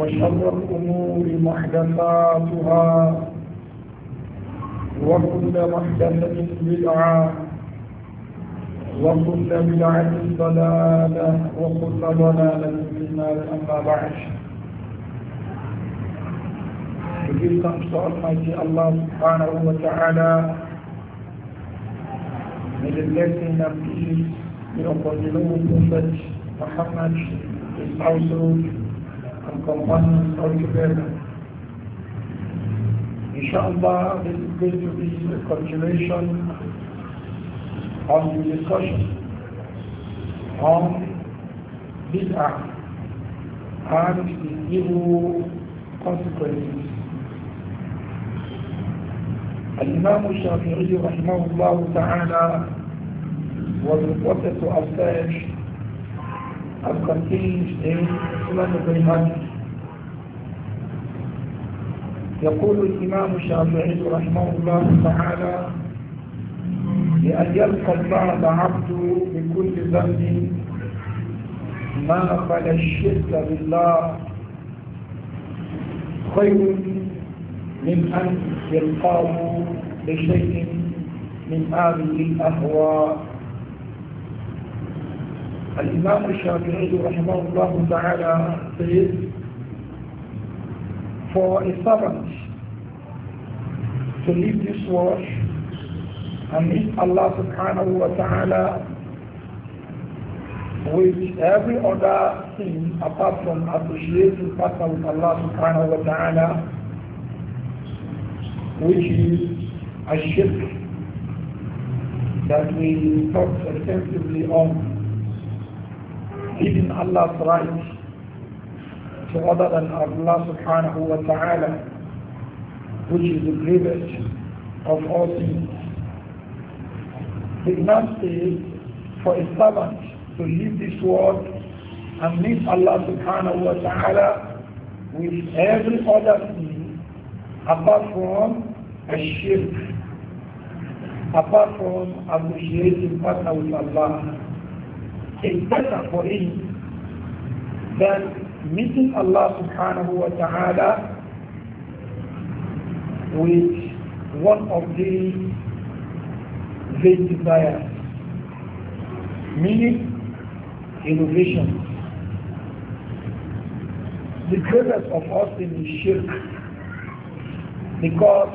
وشر الأمور محدثاتها وكل محدثة بدعة وكل بدعة ضلالة وكل ضلالة في النار أما بعد We give thanks to Almighty Allah subhanahu wa ta'ala. May the blessing and peace be upon the Lord Prophet Muhammad, his household, and companions altogether. Inshallah, this is to be a the discussion on act, and the evil consequences. الإمام الشافعي رحمه الله تعالى was reported to have said are يقول الإمام الشافعي رحمه الله تعالى لأن يلقى البعض عبده بكل ذنب ما فلا الشرك بالله خير من أن يلقاه بشيء من هذه الأهواء الإمام الشافعي رحمه الله تعالى says for a servant to leave this world and meet Allah subhanahu wa ta'ala with every other thing apart from associating partner with Allah subhanahu wa ta'ala which is a ship that we talked extensively on giving Allah's rights to other than Allah subhanahu wa ta'ala, which is the greatest of all things. The must be for a servant to leave this world and meet Allah subhanahu wa ta'ala with every other thing apart from a shirk, apart from associating partner with Allah is better for him than meeting Allah subhanahu wa ta'ala with one of the vain desires, meaning innovation. The greatest of us in is shirk because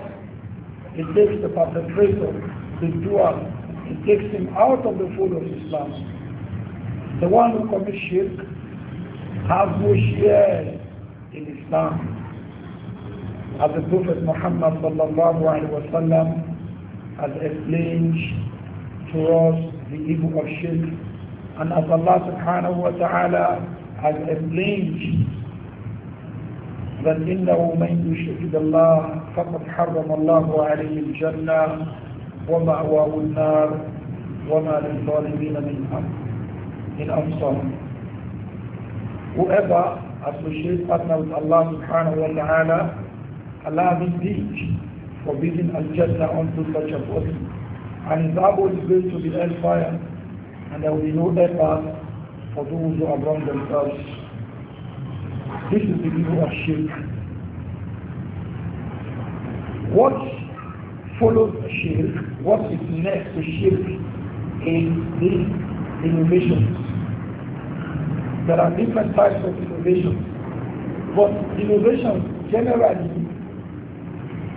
it takes the perpetrator, the doer, it takes him out of the fold of Islam. The one who commits shirk has no share in Islam. As the Prophet Muhammad sallallahu alaihi wasallam has explained to us the evil of shirk, and as Allah subhanahu wa taala has explained that إنه من يشرك بالله فقد حرم الله عليه الجنة ومأواه النار وما للظالمين من أمر in Amsar. Whoever associates partner with Allah subhanahu wa ta'ala, Allah is indeed forbidding Al-Jannah unto such a person. And his abode is going to be hellfire, and there will be no effort for those who are wrong themselves. This is the evil of shirk. What follows shirk, what is next to shirk, is the innovations there are different types of innovations. But innovations generally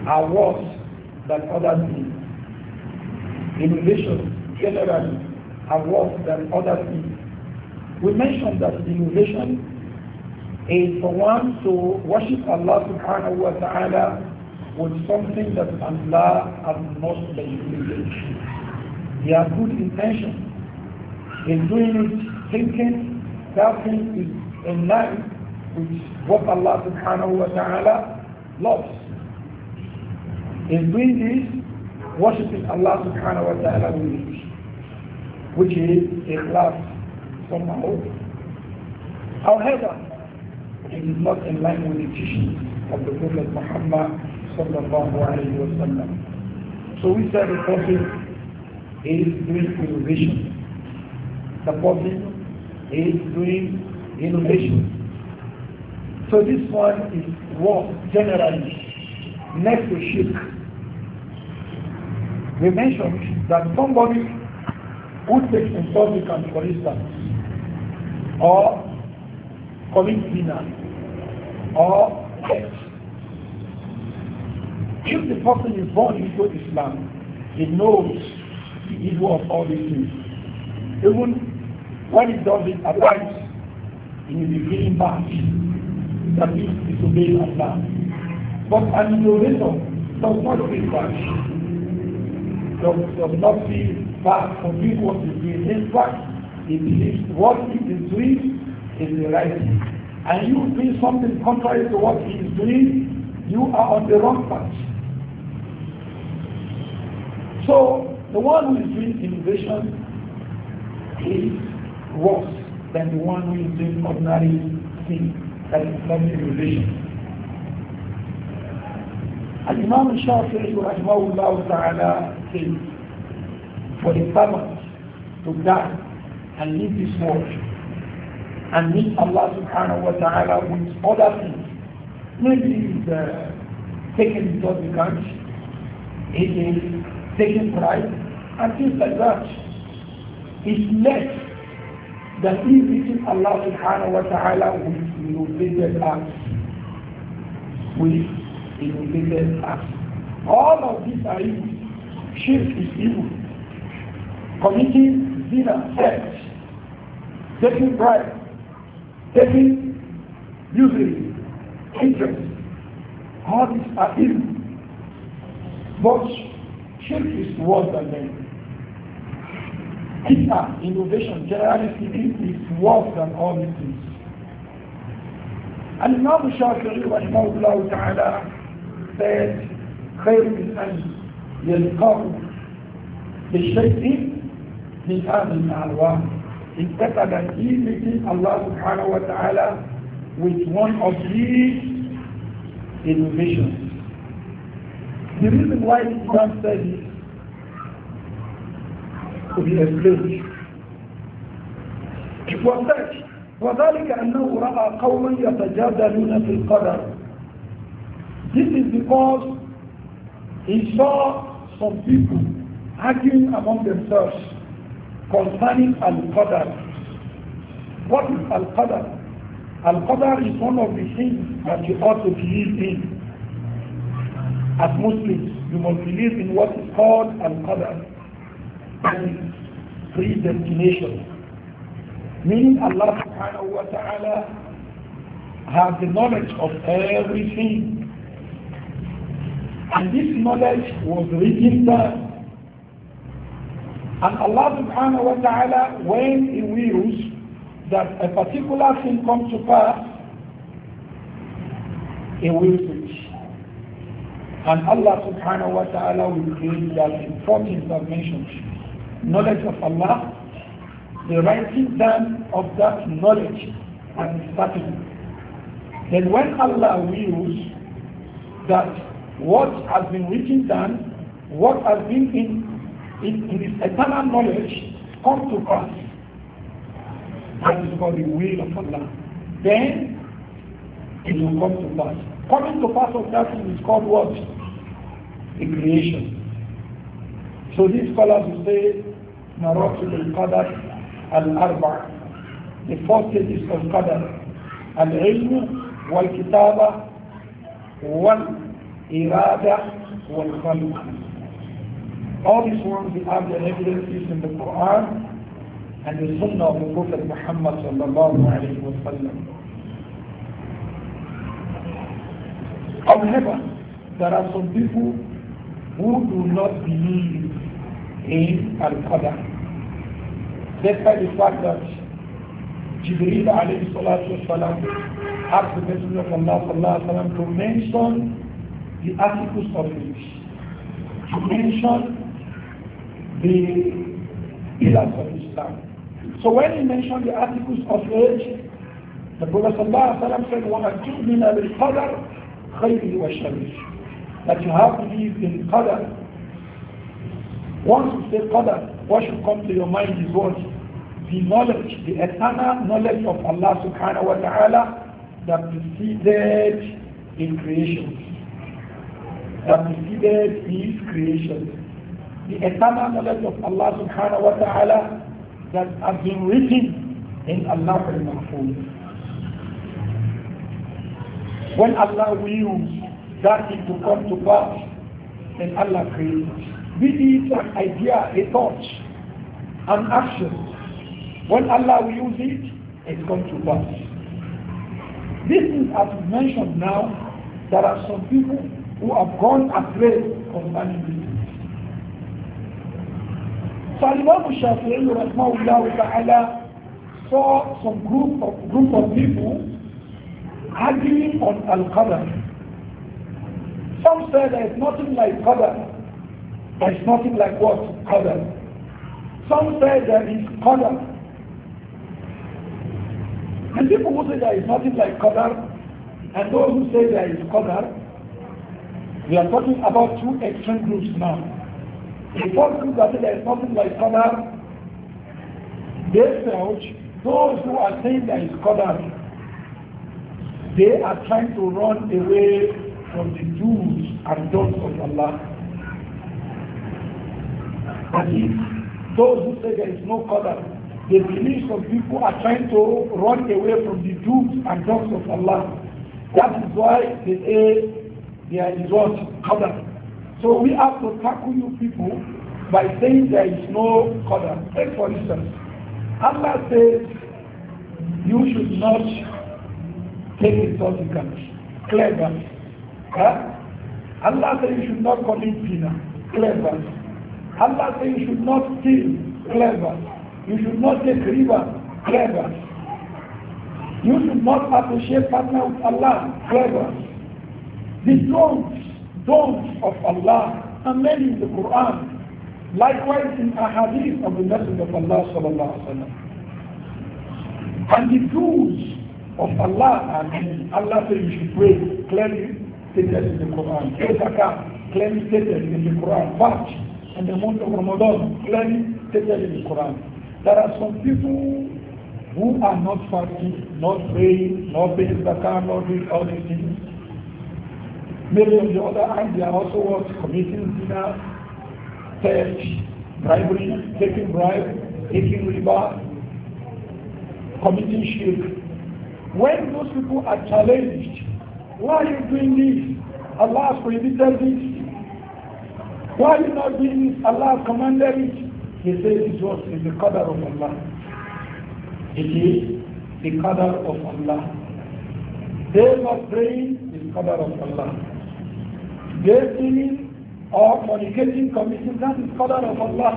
are worse than other things. Innovations generally are worse than other things. We mentioned that innovation is for one to worship Allah subhanahu wa ta'ala with something that Allah has not legislated. He has good intention. in doing it thinking that is in line with what Allah subhanahu wa ta'ala loves. In doing this, worshipping Allah subhanahu wa ta'ala is reach, which is ikhlas somehow. However, it is not in line with the teachings of the Prophet Muhammad sallallahu alayhi wa sallam. So we said the person is doing innovation. The Prophet is doing innovation. So this one is what generally next to shirk. We mentioned that somebody who takes intoxicant, for instance, or commits dinner, or sex, if the person is born into Islam, he knows the evil of all these things. Even when it does it at times, he will be feeling bad. That is disobeying Allah. But an innovator does not feel bad. Does, does not feel bad for doing what is doing. In fact, he believes what he is doing is the right thing. And you do something contrary to what he is doing, you are on the wrong path. So the one who is doing innovation is worse than the one who is doing ordinary things that is loving religion. الإمام الشافعي رحمه الله تعالى says, for the servant to die and leave this world and meet Allah subhanahu wa ta'ala with other things. Maybe he's uh, taken into the account, he is taking pride, and things like that. It's less that if it is Allah subhanahu wa ta'ala will innovated us, we innovated us. All of these are evil. Shirk is evil. Committing zina, sex, taking bribe, taking usury, interest. All these are evil. But shirk is worse than them innovation, generally speaking, is worse than all these things. الإمام الشافعي رحمه الله تعالى said خير من أن يلقاه بالشيء من هذا الألوان It's better than he meeting Allah subhanahu wa ta'ala with one of these innovations. The reason why Islam said to be explained. This is because he saw some people arguing among themselves concerning Al-Qadr. What is Al-Qadr? is one of the things that you ought to believe in. As Muslims, you must believe in what is called Al-Qadr. And predestination. Meaning Allah subhanahu wa ta'ala has the knowledge of everything. And this knowledge was registered. And Allah subhanahu wa ta'ala, when He wills that a particular thing comes to pass, He wills it. And Allah subhanahu wa ta'ala will create that in 14 knowledge of Allah, the writing down of that knowledge and starting. Then when Allah wills that what has been written down, what has been in, in, in his eternal knowledge come to pass, that is called the will of Allah. Then it will come to pass. Coming to pass of that is called what? The creation. So these scholars will say, Narakil al-Qadar al-Arba. The first stage is al-Qadar. Al-Ilm wal-Kitaba wal-Irada wal-Khalq. All these ones we have their evidences in the Quran and the Sunnah of the Prophet Muhammad sallallahu alayhi wa sallam. However, there are some people who do not believe is Al-Qadr. Despite the fact that Jibreel alayhi salatu wasalam asked the Messenger of Allah sallallahu alayhi wasalam to mention the articles of it, to mention the pillars of Islam. So when he mentioned the articles of age, the Prophet sallallahu alayhi wasalam said, وَأَنْتُؤْمِنَ بِالْقَدَرِ خَيْرِهِ وَشَرِّهِ That you have to believe in Qadr, once you say father, what should come to your mind is what? The knowledge, the eternal knowledge of Allah subhanahu wa ta'ala that preceded in creation. That preceded his creation. The eternal knowledge of Allah subhanahu wa ta'ala that has been written in Allah al When Allah wills that it to come to pass, then Allah creates be it an idea, a thought, an action. When Allah will use it, it's going to pass. This is as mentioned now, there are some people who have gone astray concerning this. So Imam Shafi'i ta'ala saw some group of, group of people arguing on Al-Qadr. Some said there is nothing like Qadr it's nothing like what? Qadr. Some say there is Qadr. And people who say there is nothing like Qadr, and those who say there is Qadr, we are talking about two extreme groups now. The first group that say there is nothing like Qadr, they felt those who are saying there is Qadr, they are trying to run away from the Jews and dogs of Allah. And if those who say there is no qadar, they believe some people are trying to run away from the truth and don'ts of Allah. That is why they say there is what? Qadar. So we have to tackle you people by saying there is no qadar. Take for instance, Allah says you should not take intoxicant. Clever. Huh? Allah says you should not commit zina. Clever. Allah said you should not steal, clever. You should not take riba, clever. You should not associate partner with Allah, clever. The don'ts, don'ts of Allah are many in the Quran. Likewise in ahadith of the Messenger of Allah sallallahu alaihi wasallam. And the rules of Allah are many. Allah said you should pray, clearly stated in the Quran. Pray zakah, clearly stated in the Quran. Fast, in the month of Ramadan, clearly stated in the Quran. There are some people who are not fasting, not praying, not paying zakah, not doing all these things. Maybe on the other hand, they are also what, committing dinner, theft, bribery, taking bribe, taking riba, committing shirk. When those people are challenged, why are you doing this? Allah has prohibited this. Why you not doing this? Allah commanded it. He says it was in the qadar of Allah. It is the qadar of Allah. They were praying the qadar of Allah. They sinning or communicating committing that is qadar of Allah.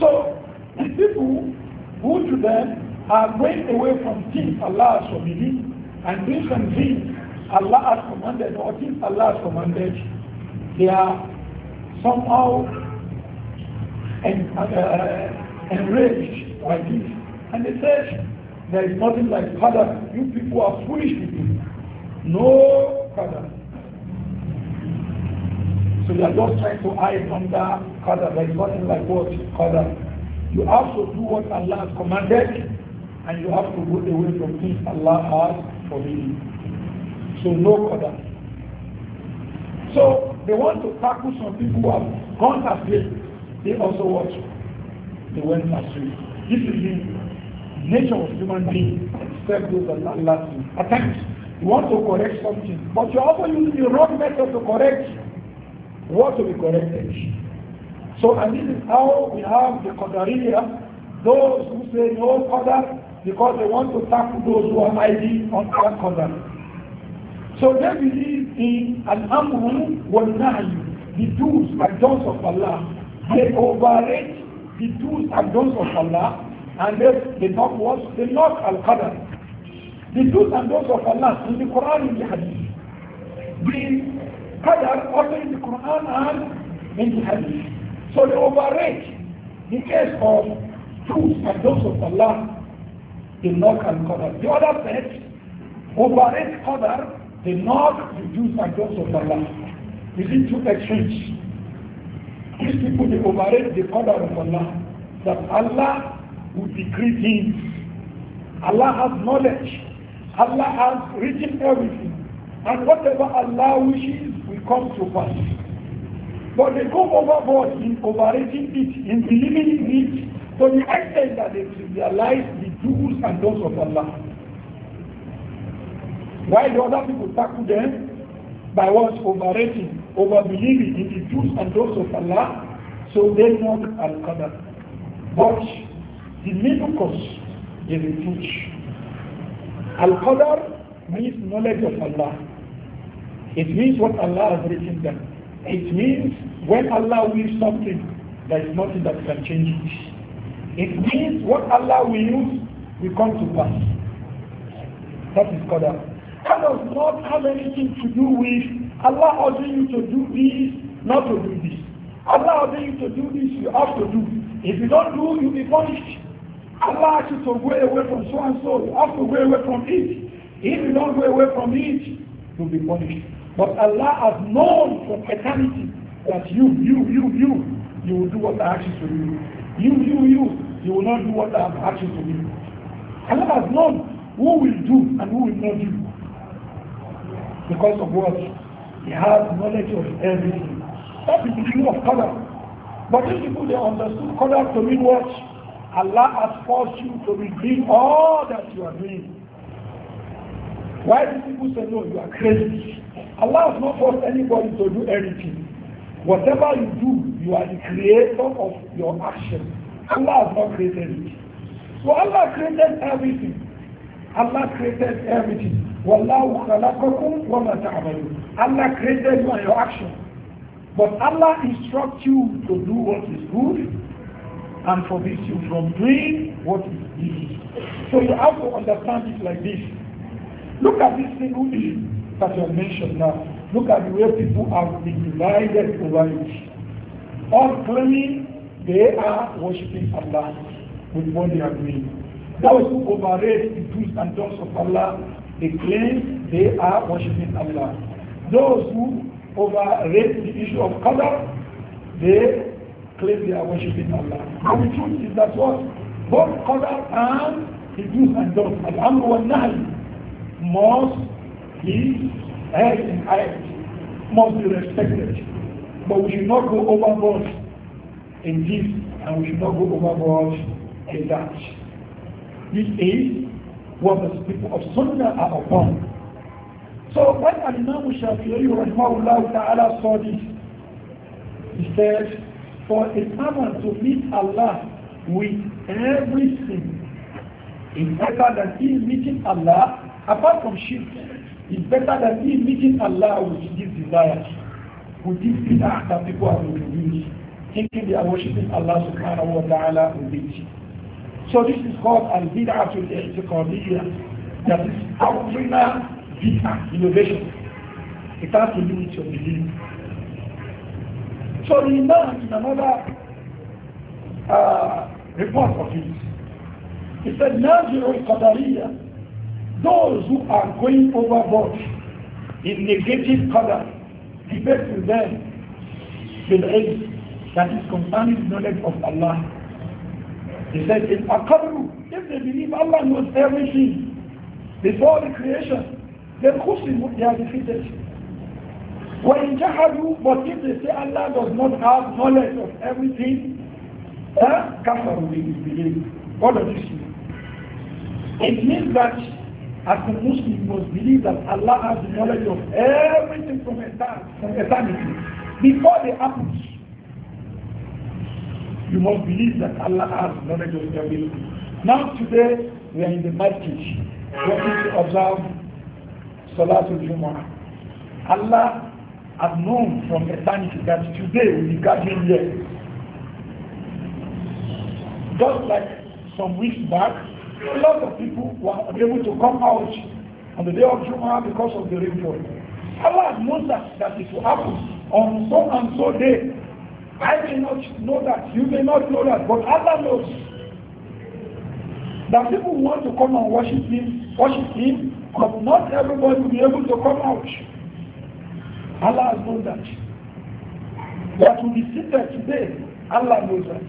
So, the people who to them are going away from things Allah has forbidden and doing things Allah has commanded or things Allah has commanded, they are somehow en uh, uh, enraged by this. And they said, there is nothing like qadar. You people are foolish people. No qadar. So they are just trying to hide under qadar. There is nothing like what? Qadar. You have to do what Allah has commanded and you have to go away from things Allah has forbidden. So no qadar. So they want to tackle some people who have gone astray. They also watch They went astray. This is the nature of human being, except those that are lasting. you want to correct something, but you're also using the wrong method to correct what to be corrected. So, and this is how we have the Qadariya, those who say no Qadar, because they want to tackle those who are hiding on that Qadar. So they believe and Al-Amru wa the do's and don'ts of Allah. They overrate the do's and don'ts of Allah and they, they not what? They not Al-Qadr. The do's and don'ts of Allah in the Quran and the Hadith. The Qadr also in the Quran and in the Hadith. So they overrate the case of do's and don'ts of Allah in not al Qadr. The other said, overrate Qadr they mock the do's those of Allah. Is it two extremes. These people, they overrate the order of Allah. That Allah will decree things. Allah has knowledge. Allah has written everything. And whatever Allah wishes will come to pass. But they go overboard in overrating it, in believing it, to so the extent that they trivialize the do's and do's of Allah. Why do other people tackle them? By what? Overrating, overbelieving in the truth and those of Allah. So they know Al-Qadr. But the middle course is truth. Al-Qadr means knowledge of Allah. It means what Allah has written down. It means when Allah wills something, there is nothing that can change it. It means what Allah wills will come to pass. That is Qadr. That does not have anything to do with Allah ordering you to do this, not to do this. Allah ordering you to do this, you have to do. If you don't do, you'll be punished. Allah asks you to go away from so and so, you have to go away from it. If you don't go away from it, you'll be punished. But Allah has known from eternity that you, you, you, you, you will do what I ask you to do. You, you, you, you will not do what I have asked you to do. Allah has known who will do and who will not do. because of what? He has knowledge of everything. That is the meaning of color. But these people, they understood color to mean what? Allah has forced you to redeem all that you are doing. Why do people say, no, you are crazy? Allah has not forced anybody to do anything. Whatever you do, you are the creator of your action. Allah has not created it. So Allah created everything. Allah created everything. Wallahu khalaqakum wa ma Allah created you and your action. But Allah instructs you to do what is good and forbids you from doing what is evil. So you have to understand it like this. Look at this single issue that you have mentioned now. Look at the way people have been divided over it. All claiming they are worshipping Allah with what they are doing. Those who overrate the do's and don'ts of Allah they claim they are worshipping Allah. Those who overrate the issue of color, they claim they are worshipping Allah. And the truth is that what? Both color and the do's and don'ts, Al-Amr wa Nahi, must be held in height, must be respected. But we should not go overboard in this, and we should not go overboard in that. This is what the people of Sunnah are upon. So when Imam Shafi'i rahimahullah ta'ala saw this, he said, for a man to meet Allah with everything is better than he meeting Allah, apart from shirk, is better than he meeting Allah with his desires, with this bid'ah that people are doing, thinking they are worshipping Allah subhanahu wa ta'ala with it. So this is called al-bid'atul i'tiqadiyya. That is doctrinal bid'ah, innovation. It has to do with your belief. So the Imam in another uh, report of his, he said, Nazirul Qadariyya, those who are going overboard in negative color, debate with them with that is concerning knowledge of Allah he said, if أقروا, if they believe Allah knows everything before the creation, then خسروا, they are defeated. in جحدوا, but if they say Allah does not have knowledge of everything, uh, كفروا, they disbelieve. What does this mean? It means that as a Muslim you must believe that Allah has knowledge of everything from eternity, before they happen you must believe that Allah has knowledge of your ability. Now today we are in the market working to observe Salatul Jumu'ah. Allah has known from eternity that today we will be gathering here. Just like some weeks back, a lot of people were able to come out on the day of Jumu'ah because of the rainfall. Allah knows that, that it will happen on so and so day. I may not know that. You may not know that. But Allah knows that people want to come and worship Him, worship Him, but not everybody will be able to come out. Allah has known that. That will be seated today, Allah knows that.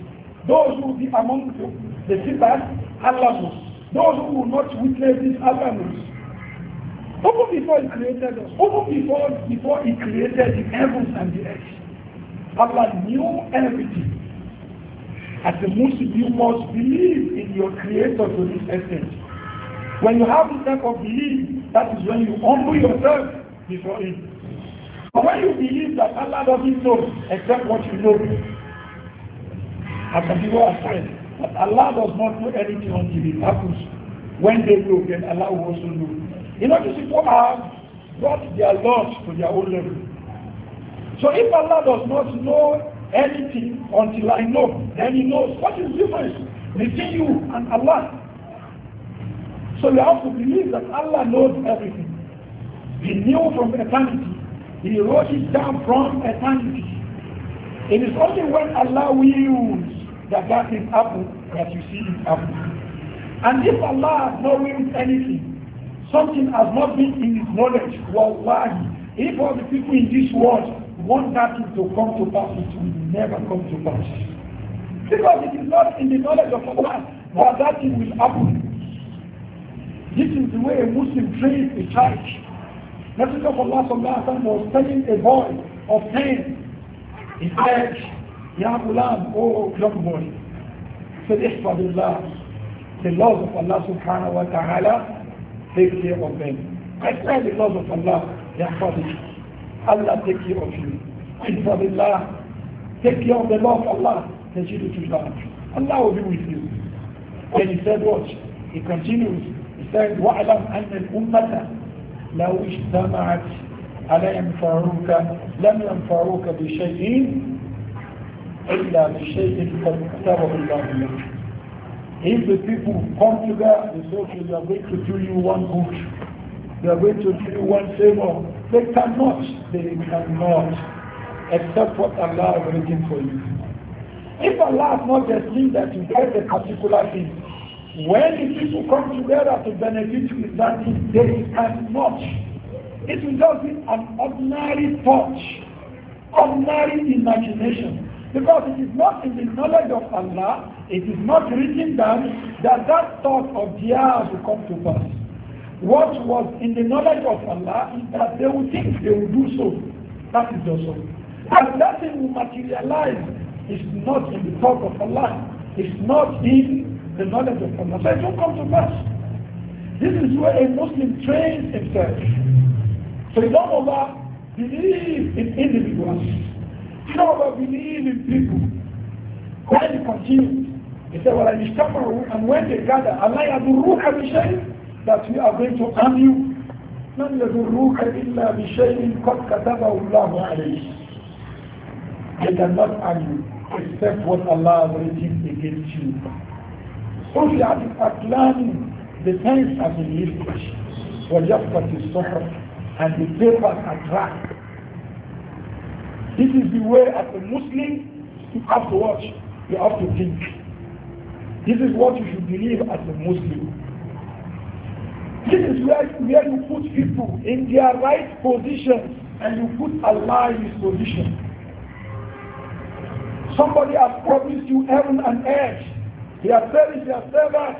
Those who will be among the sitters, Allah knows. Those who will not witness this, Allah knows. Even before He created us, even before, before He created the heavens and the earth, Allah new energy. As a Muslim, you must believe in your Creator to this extent. When you have this type of belief, that is when you humble yourself before Him. But when you believe that Allah doesn't know except what you know, as a people are said, that Allah does not know anything until it happens. When they know, then Allah will also know. You know, these people have brought their laws to their own level. So if Allah does not know anything until I know, then he knows. What is the difference between you and Allah? So you have to believe that Allah knows everything. He knew from eternity. He wrote it down from eternity. It is only when Allah wills that that thing happen that you see it happen. And if Allah not wills anything, something has not been in his knowledge, Well, why? if all the people in this world want that thing to come to pass, it will never come to pass. Because it is not in the knowledge of Allah that that thing will happen. This is the way a Muslim trains a child. Messenger of Allah Taala was telling a boy of 10, he said, Ya Ghulam, oh young boy, said, Ihfadullah, the laws of Allah subhanahu wa ta'ala, take care of them. I pray the laws of Allah, Ya Fadillah. Allah take care of you. Izzalillah, take care of the law of Allah. Tajidu tujlah. Allah will be with you. Then he said what? He continues. He said, وَعْلَمْ أَنَّ الْأُمَّةَ لَوْ اجْتَمَعَتْ عَلَى يَنْفَعُوكَ لَمْ يَنْفَعُوكَ بِشَيْءٍ إِلَّا بِشَيْءٍ قَدْ اللَّهُ لَكَ if the people come together, they say, okay, are going to do you one good. They are going to do you one favor. They cannot. They cannot. Except what Allah is waiting for you. If Allah has not destined that you get a particular thing, when the people come together to benefit with that thing, they cannot. It will just be an ordinary thought, ordinary imagination. Because it is not in the knowledge of Allah, it is not written down that that thought of theirs will come to pass. What was in the knowledge of Allah is that they will think they will do so. That is also. And that thing will materialize. is not in the talk of Allah. It's not in the knowledge of Allah. So it will come to pass. This is where a Muslim trains himself. So you don't over believe in individuals. You don't over believe in people. Why he continues. He said, Well, I and when they gather, Allah yadurruka bi shay'in that we are going to harm you لن يضروك إلا بشيء قد كتبه الله عليك They cannot argue you except what Allah has written against you. So we are planning the times have been lifted. وَجَفَّتِ الصُّحْرَ And the papers are dry. This is the way as a Muslim you have to watch, you have to think. This is what you should believe as a Muslim. This is where, where you put people in their right position and you put Allah in his position. Somebody has promised you heaven and earth. He has said it. he has said that.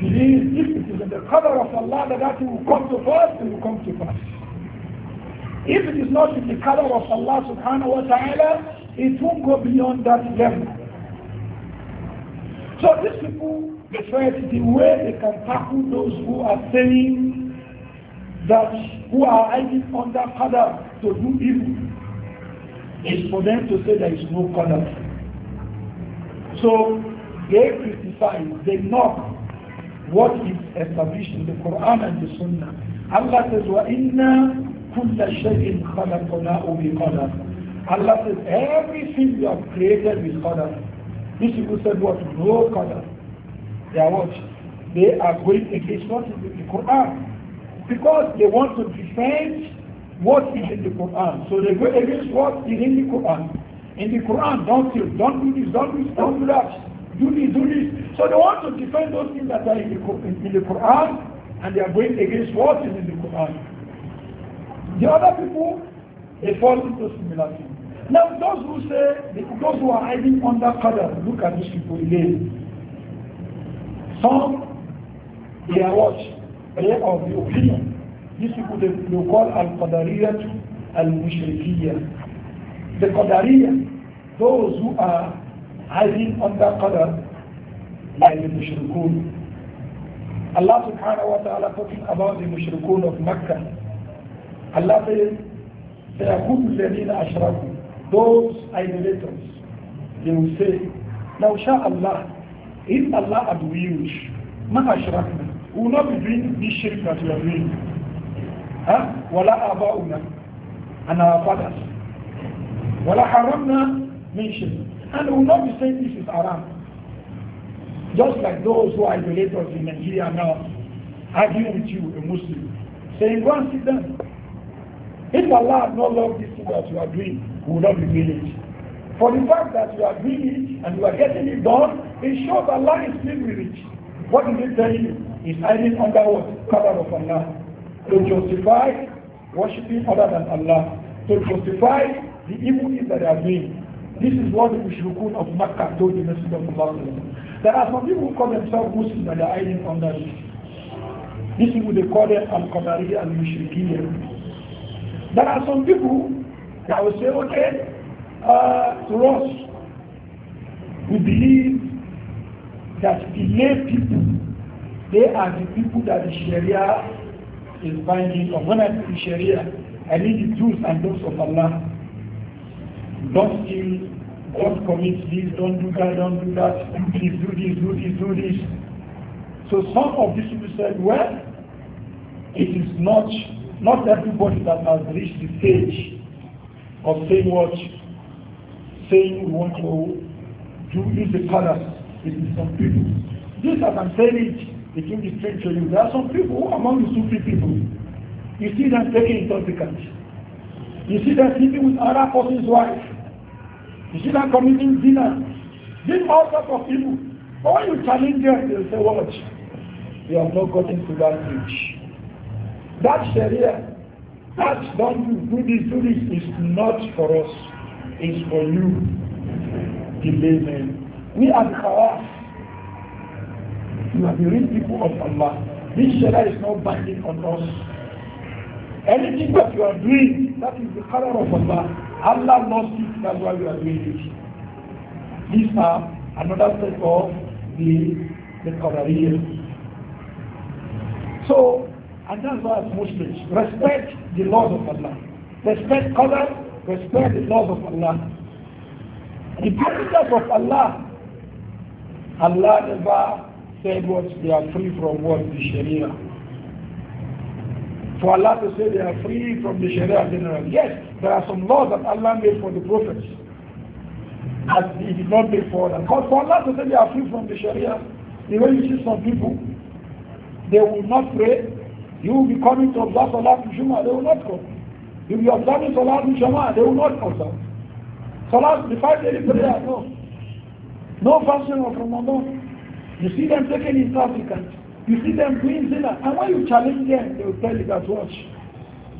Please, if it is in the cover of Allah that that will come to pass, it will come to pass. If it is not in the cover of Allah subhanahu wa ta'ala, it won't go beyond that level. So these people, the find the way they can tackle those who are saying that, who are hiding under cover to do evil, is for them to say there is no color. So they criticize, they knock what is established in the Quran and the Sunnah. Allah says, وَإِنَّا Allah says, everything you have created with covered. These people said what? No qadar. They are what? They are going against what is in the Quran. Because they want to defend what is in the Quran. So they go against what is in the Quran. In the Quran, don't kill, don't do this, don't do this, don't do that, do this, do this. So they want to defend those things that are in the, in the Quran and they are going against what is in the Quran. The other people, they fall into similar things. Now those who say, those who are hiding under Qadr, look at these people again. Some, they are what? They are of the opinion. These people they, they call Al-Qadariyah Al-Mushrikiyah. The Qadariya, those who are hiding under Qadr, like the Mushrikun. Allah subhanahu wa ta'ala talking about the Mushrikun of Mecca. Allah says, سيكون الذين أشركوا those idolaters, they will say, Now shall Allah, if Allah had willed, Mahashrakna, we will not be doing this shirk that we are doing. Huh? Wala aba'una, and our fathers. Wala haramna, mention. And we will not be saying this is haram. Just like those who are idolaters in Nigeria now, arguing with you, a Muslim, saying, go and sit down. If Allah had not loved this thing that you are doing, will not be it. For the fact that you are doing it and you are getting it done, it shows Allah is pleased with it. What is it telling you? It's hiding under what? Cover of Allah. To justify worshipping other than Allah. To justify the evil deeds that they are doing. This is what the Mushrikun of Makkah told the Messenger of Allah. There are some people who call themselves Muslims and they are hiding under it. This is what they call them Al-Qadariya and Mushrikiyya. There are some people I will say, okay, uh, to us, we believe that the lay people, they are the people that the Sharia is binding So When I say Sharia, I mean the truth and those of Allah. Don't steal, don't commit this, don't do that, don't do that, do this, do this, do this, do this. So some of these people said, well, it is not, not everybody that has reached the stage of saying what, saying we want to do, is the palace is some people. This, as I'm saying it, it will be strange to you. There are some people among the Sufi people, you see them taking intoxicants. You see them sleeping with other person's wife. You see them committing dinner. These all sorts of people. But when you challenge them, they'll say, watch, you have not gotten to that age. That's Sharia. That don't do this, do this is not for us, it's for you, the layman. We are the Khawas. We are the real people of Allah. This Sharia is not binding on us. Anything that you are doing, that is the color of Allah. Allah knows it, that's why we are doing it. This is another step of the, the Qadariyah. So, And that's why as Muslims, respect the laws of Allah. Respect color. respect the laws of Allah. The principles of Allah, Allah never said what they are free from what the Sharia. For Allah to say they are free from the Sharia generally. Yes, there are some laws that Allah made for the prophets. That he did not make for them. Because for Allah to say they are free from the Sharia, the way you see some people, they will not pray, You will be coming to observe Salat Juma, they will not come. You will be observing Salat Juma, they will not come. Salat, the five daily prayer, no. No fasting of Ramadan. You see them taking intoxicants. You see them doing zina. And when you challenge them, they will tell you that watch.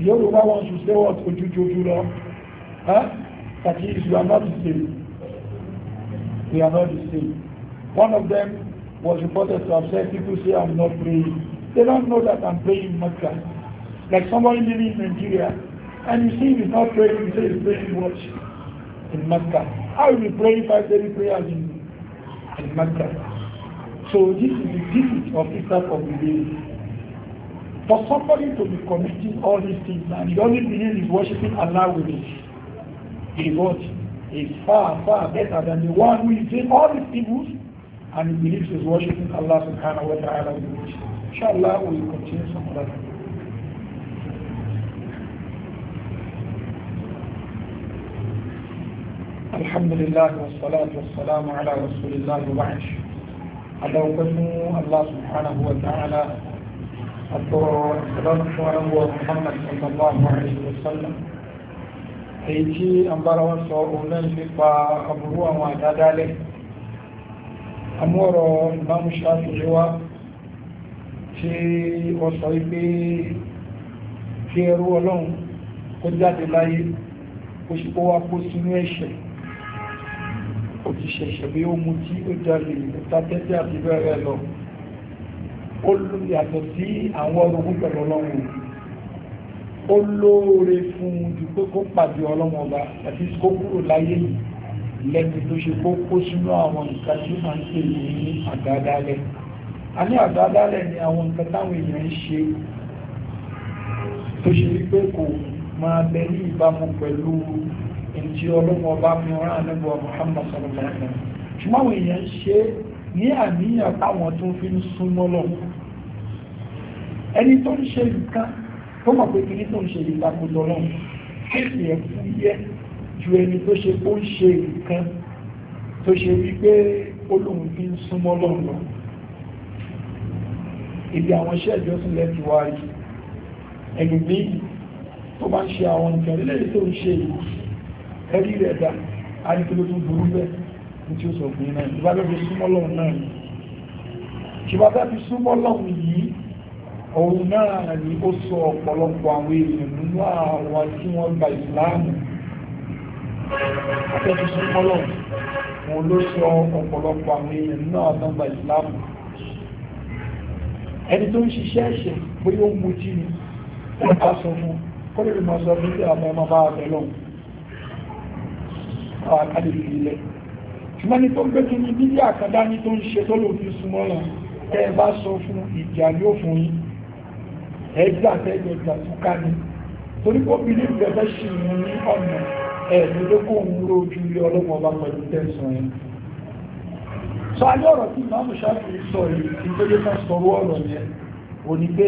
The old Yoruba wants to say what? Ojujujura. Huh? That is, you are not the same. We are not the same. One of them was reported to have said, people say I am not praying. They don't know that I'm praying Makkah, Like somebody living in Nigeria, and you see he's not praying, He say he's praying what? In Mecca. I will pray five daily prayers in, in Mecca? So this is the defeat of this type of belief. For somebody to be committing all these things and the only believe he's worshipping Allah with he what? Is far, far better than the one who is doing all these evils and he believes he's worshipping Allah subhanahu wa ta'ala with it. Inshallah, we will continue some other time. الحمد لله والصلاة والسلام على رسول الله وبعد أدوكم الله سبحانه وتعالى أطور السلام محمد صلى الله عليه وسلم èyí tí a ń bára wọn sọ òun náà nípa àbúrú àwọn àdádálẹ̀ amúrọ̀ ìbámu ṣáàtúnṣe wa tí wọ́n sọ wípé kí ẹrú ọlọ́run kó jáde láyé kó sì kó wá kó sínú ẹ̀ṣẹ̀ ó ti ṣẹ̀ṣẹ̀ bí ó mutí ó jalè ìtàtẹ́tẹ́ àti bẹ́ẹ̀ lọ ó yàtọ̀ sí àwọn orogún pẹ̀lú ọlọ́run ó lóore fún ju pé kó pàdé ọlọ́run ọba àti kó kúrò láyé lẹ́ni tó ṣe kó kó sínú àwọn nǹkan tí ń pè ní àdáadáa a ní àdádálẹ̀ ni àwọn nǹkan táwọn èèyàn ń ṣe tó ṣe wípé kò máa bẹ ní ìbámu pẹ̀lú ìtì ọlọ́mọ ọba mi ọ̀rán àlẹ́bọ̀ Muhammad sallallahu alaihi wasallam ṣùgbọ́n àwọn èèyàn ń ṣe ní àníyàn táwọn tó fi ń súnmọ́ lọ ẹni tó ń ṣe nǹkan tó mọ̀ pé kìíní tó ń ṣe ìtakùtọ̀ lọ kéèsì ẹ̀ fún yẹ ju ẹni tó ṣe ó ń ṣe nǹkan tó ṣe wípé olóhùn fi ń súnmọ́ lọ́nà ibi àwọn iṣẹ́ ìjọsìn lẹ́tì wá rí ẹlùmí tó bá ń ṣe àwọn nǹkan lélẹ̀ tó ń ṣe ẹ̀rí rẹ̀ dá àríkìlò tó burú bẹ́ tí ó sọ fún iná ìbá lọ́gbẹ̀ súnmọ́ lọ́run náà ni ṣùgbọ́n tàbí súnmọ́ lọ́run yìí òun náà ni ó sọ ọ̀pọ̀lọpọ̀ àwọn èèyàn nínú àwọn tí wọ́n gba ìsìláàmù àtẹ́tù súnmọ́ lọ́run òun ló sọ ọ̀pọ̀lọpọ̀ àwọn èèyàn nínú àwọn tó gba ìsìláàmù ẹni tó ń ṣiṣẹ́ ẹ̀ṣẹ̀ bóyá ó ń mutí ni wọ́n bá sọ fún kó lè máa sọ bí àwọn ẹmọ bá rẹ̀ lọ àwọn àkàlẹ̀ fi ilẹ̀ ṣùgbọ́n ni tó ń gbé kí ni bí àkàdá ni tó ń ṣe tó lò fi súnmọ́ lọ tẹ́ ẹ bá sọ fún ìjà yóò fún yín ẹgbẹ́ àtẹ́gbẹ́ ìgbà tó ká ni torí pé obìnrin bẹ̀rẹ̀ ṣì ní ọ̀nà ẹ̀ẹ́dẹ́gbẹ́kùn ń ro ojú ilé ọlọ́mọba pẹ̀lú tẹ̀sán yẹn sọ alẹ́ ọ̀rọ̀ tí ìmọ̀ àmúṣáàfì sọ yìí tó lé náà sọ̀rọ̀ ọ̀rọ̀ yẹn ò ní pé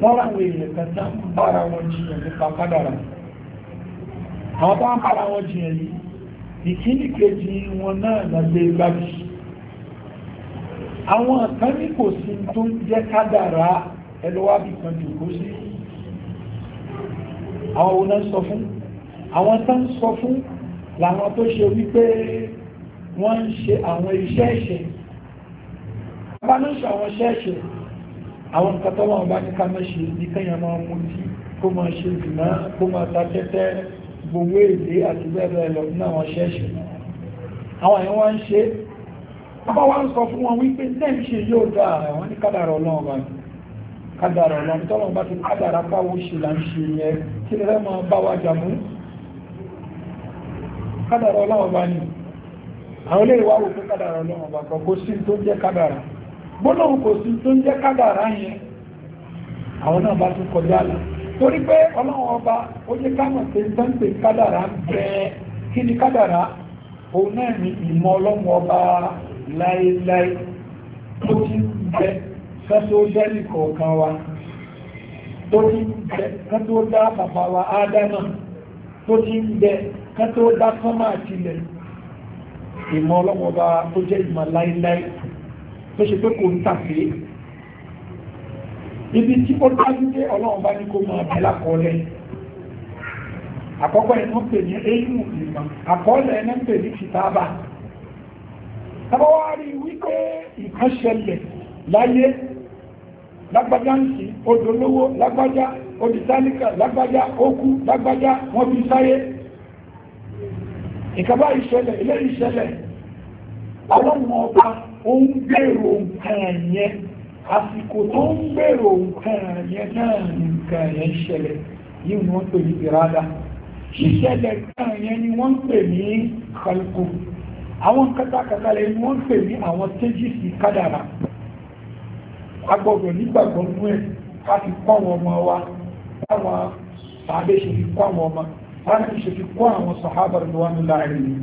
wọ́n ráwọn èèyàn kan tá ń bára wọn jiyàn nípa kádàrà àwọn tó ń bára wọn jiyàn yìí ìkíní kejì wọn náà lágbé gbájú àwọn kan ní kò sí tó ń jẹ́ kádàrà ẹlọ́wàbí kan jòkó sí àwọn òun náà sọ fún àwọn tó ń sọ fún làwọn tó ṣe wípé wọ́n ń ṣe àwọn iṣẹ́ ẹ̀ṣẹ̀ bá ló ń ṣe àwọn iṣẹ́ ẹ̀ṣẹ̀ àwọn nǹkan tó wọ́n bá ní ká mọ́ ṣe ní kẹ́yàn máa mú tí kó máa ṣe ìgbìmọ̀ kó máa ta tẹ́tẹ́ gbogbo èdè àti bẹ́ẹ̀ lọ ní àwọn iṣẹ́ ẹ̀ṣẹ̀ àwọn èèyàn wá ṣe bá wá ń àwọn olè ìwáwò tó kádàrà ọlọ́run ọba kan kò sí tó jẹ́ kádàrà gbólóhùn kò sí tó jẹ́ kádàrà yẹn àwọn náà bá tún kọjá lọ torí pé ọlọ́run ọba ó jẹ́ ká ka ọba tó ti ń tó wa ádámà tó ti ń dá ìmọ̀ ọlọ́wọ́ bá tó jẹ́ ìmọ̀ láíláí tó ṣe pé kò ń tàfé ibi tí ó dájú pé ọlọ́wọ́ bá ní kó máa bẹ̀ lákọọ́lẹ̀ àkọ́kọ́ ẹ̀ náà pè ní eyín ìmọ̀ àkọọ́lẹ̀ ẹ̀ náà pè ní kìtàbà tàbá wá rí wípé nǹkan ṣẹlẹ̀ láyé lágbájá ń sí odò lówó lágbájá odìsáníkà lágbájá ó lágbájá wọ́n fi sáyé nǹkan bá ìṣẹ̀lẹ̀ ilé ìṣẹ̀lẹ̀ ọlọ́run ọba ó ń gbèrò nǹkan yẹn àsìkò tó ń gbèrò nǹkan yẹn náà ni nǹkan yẹn ṣẹlẹ̀ yìí ni wọ́n pè ní ìrádá ṣíṣẹlẹ̀ nǹkan yẹn ni wọ́n pè ní kálukú àwọn kátàkátà lẹ́yìn ni wọ́n pè ní àwọn tẹ́jìsì kádàrà agbọ́dọ̀ nígbàgbọ́ nú ẹ̀ ká fi kọ́ àwọn ọmọ wa káwọn tàbí ṣe fi kọ́ àwọn ọmọ wa báyìí ti ṣe fi kọ́ àwọn sàhábà rẹ̀ wá ní láàrin yìí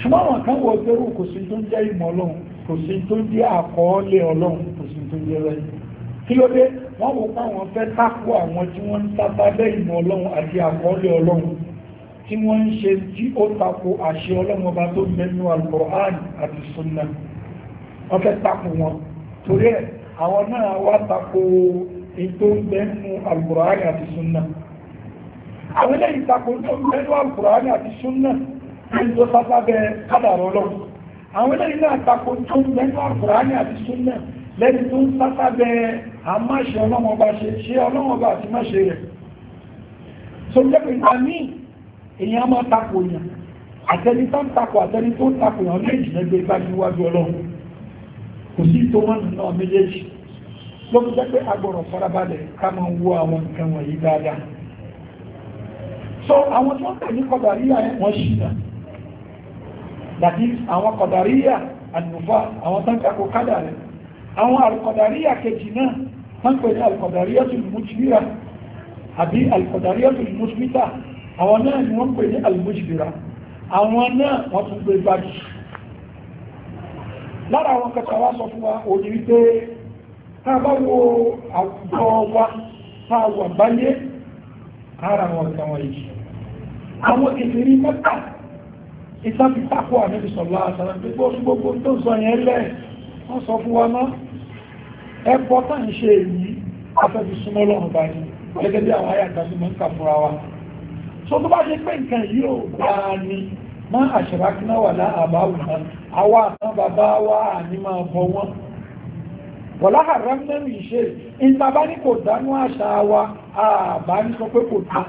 ṣùgbọ́n àwọn kan wọ pé kò sí tó ń jẹ́ ìmọ̀ ọlọ́run kò sí tó ń jẹ́ àkọọ́lẹ̀ ọlọ́run kò sí tó ń jẹ́ rẹ̀ kí ló dé wọ́n wò pé àwọn fẹ́ tako àwọn tí wọ́n ń sábà bẹ́ ìmọ̀ ọlọ́run àti àkọọ́lẹ̀ ọlọ́run tí wọ́n ń ṣe tí ó tako àṣẹ ọlọ́run ọba tó mẹ́nu al àti sunna wọ́n fẹ́ tako wọn torí ẹ̀ àwọn náà wá tako ètò mẹ́nu al àti sunna àwọn ilé ìtakò tó mẹ́lú àkùránì àti súnnà ní tó sábábẹ́ kádàrọ̀ ọlọ́run àwọn ilé ìlú àtakò tó mẹ́lú àkùránì àti súnnà lẹ́ni tó ń sábábẹ́ àmáṣe ọlọ́mọba ṣe ṣe ọlọ́mọba àti máṣe rẹ̀ tó jẹ́ pé ìgbà míì èèyàn máa takò yàn àtẹni tó ń takò àtẹni tó ń takò yàn méjì lẹ́gbẹ̀ẹ́ ìgbà níwájú ọlọ́run kò sí tó wọ́n so àwọn tó ń tẹ̀lé kọ̀dàríyà wọ́n ṣìnà that is àwọn kọ̀dàríyà ànùfà àwọn tó ń takò kádà rẹ̀ àwọn alkọ̀dàríyà kejì náà tó ń pè ní alkọ̀dàríyà tó lù mújìbíra àbí alkọ̀dàríyà tó lù mújìbíta àwọn náà ni wọ́n pè ní almújìbíra àwọn náà wọ́n tún gbé gbájú lára àwọn kẹta wá sọ fún wa òní wípé tá a ara wọn kan wọn yìí àwọn kèfèrí mẹ́ta ìtàn ti tako àmì sọ̀lá àṣàrà gbogbo gbogbo tó sọ yẹn lẹ̀ wọ́n sọ fún wa náà ẹ̀kọ́ tá ń ṣe èyí afẹ́fi súnmọ́ lọ́rùn bá ní gẹ́gẹ́ bí àwọn ayàtà sí mọ́ ń kà fúnra wa so tó bá ṣe pé nǹkan yìí ò dáa ni má àṣàrà kí náà wà àtàn bàbá wa àní máa bọ wọn wọ̀lá haram lẹ́nu ìṣe ìtàbá ní kò dánú àṣà wa àbá ní sọ pé kò dá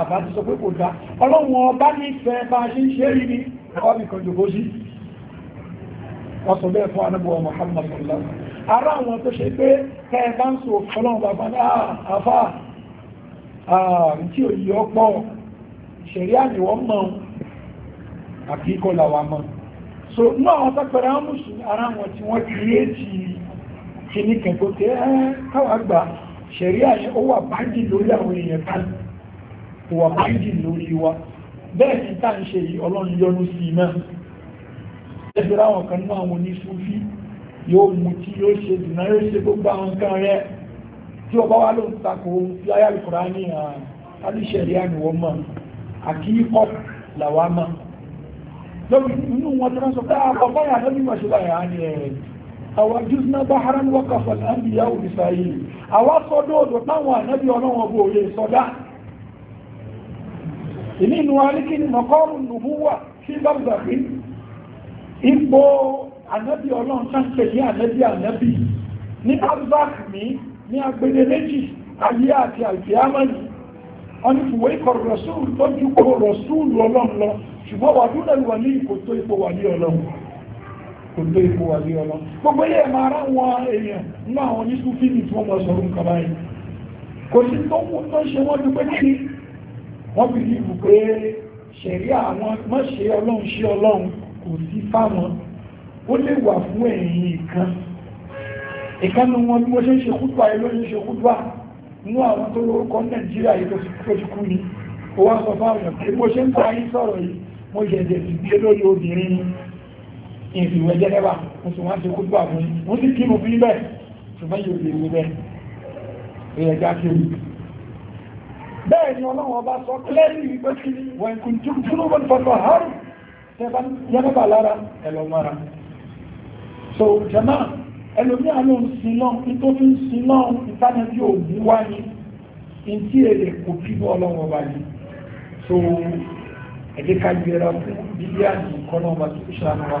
àbá ti sọ pé kò dá ọlọ́run ọba nífẹ̀ẹ́ bá ṣe ń ṣe rí ní ọmọ ìkan jòkó sí wọ́n fún anábọ̀ Muhammad sallallahu ara àwọn tó ṣe pé kẹ́ẹ̀ bá ń sọ ọlọ́run bàbá ní ah, àfà ah, tí ò yí so náà wọ́n tẹ́pẹ̀rẹ̀ àwọn mùsùlùmí ara kí ní kẹ̀kọ́ tẹ́ eh, káwà gbà ṣẹ̀rí àṣẹ ó wà báńdì lórí àwọn èèyàn kan wà báńdì lórí wa bẹ́ẹ̀ ni tá ń ṣe ọlọ́run yọ́nú sí i náà ẹgbẹ́ àwọn kan náà àwọn oníṣúfí yóò mú tí yóò ṣe dùnà yóò ṣe gbogbo àwọn kan rẹ tí ọba wa ló ń takò fi ayálùkùrá ní àtàlùṣẹ̀rí àníwọ̀n mọ́ àkíkọ́ làwa mọ́ lórí inú wọn tó rán sọ pé ah, àkọ́kọ́ yà àwọn jùsùnà bá hara ní wọ́kàfà láàbí yàwó ìsáyé àwọn sọ́dọ̀ odò táwọn ànábì ọlọ́wọ́ bó lè sọ́dá inú aríkí ni mọ̀kọ́rù nùbúwà sí bàbàbí ipò ànábì ọlọ́run sáńpẹ̀ ní ànábì ànábì ní abzak mi ní agbede méjì ayé àti àìfíámánì wọ́n ní fùwé ikọ̀ rọ̀súùlù tó ju kó rọ̀súùlù ọlọ́run kò tó ipò wà ní ọlọ́ gbogbo ilé ẹ̀mà ara wọn èèyàn ní àwọn oníṣù fíìmì tí wọ́n mọ̀ sọ̀rọ̀ nǹkan báyìí kò sí tó mú tó ṣe wọ́n dúpẹ́ kí wọ́n fi ní ìbù pé ṣẹ̀rí àwọn mọ́ṣe ọlọ́run ṣe ọlọ́run kò sí fáwọn ó lè wà fún ẹ̀yìn ìkan ìkanu wọn bí wọ́n ṣe ń ṣe kúdùá ẹ ló ń ṣe kúdùá nú àwọn tó lórúkọ nàìjíríà yìí tó ti kú ni ó wá sọ fáwọn èèyàn pé mo ṣe ń bá yín sọ̀rọ̀ yìí mo ṣẹ̀ṣẹ̀ sì gbé lórí obìnrin ìfìwẹ́ jẹ́nẹ́bà mo sì wọ́n ti kú gbà fún mo sì kí mo fi bẹ́ẹ̀ ṣùgbọ́n yóò lè rí bẹ́ẹ̀ ẹ̀yẹ já kí mi. bẹ́ẹ̀ ni ọlọ́run ọba sọ kílẹ́rì wípé kí wọ́n kún túnú wọn fọlọ́ àárò tẹ́bá jẹ́nẹ́bà lára ẹ̀lọ́ mara. so jama ẹlòmí àlọ́ ń sin náà nítorí ń sin náà ìtànàbí òbí wá ní ìdí èrè kò fi ní ọlọ́run ọba yìí so ẹ̀jẹ̀ ká gbéra fún bíbí àdìkọ́ náà wà tó ṣàánú wa.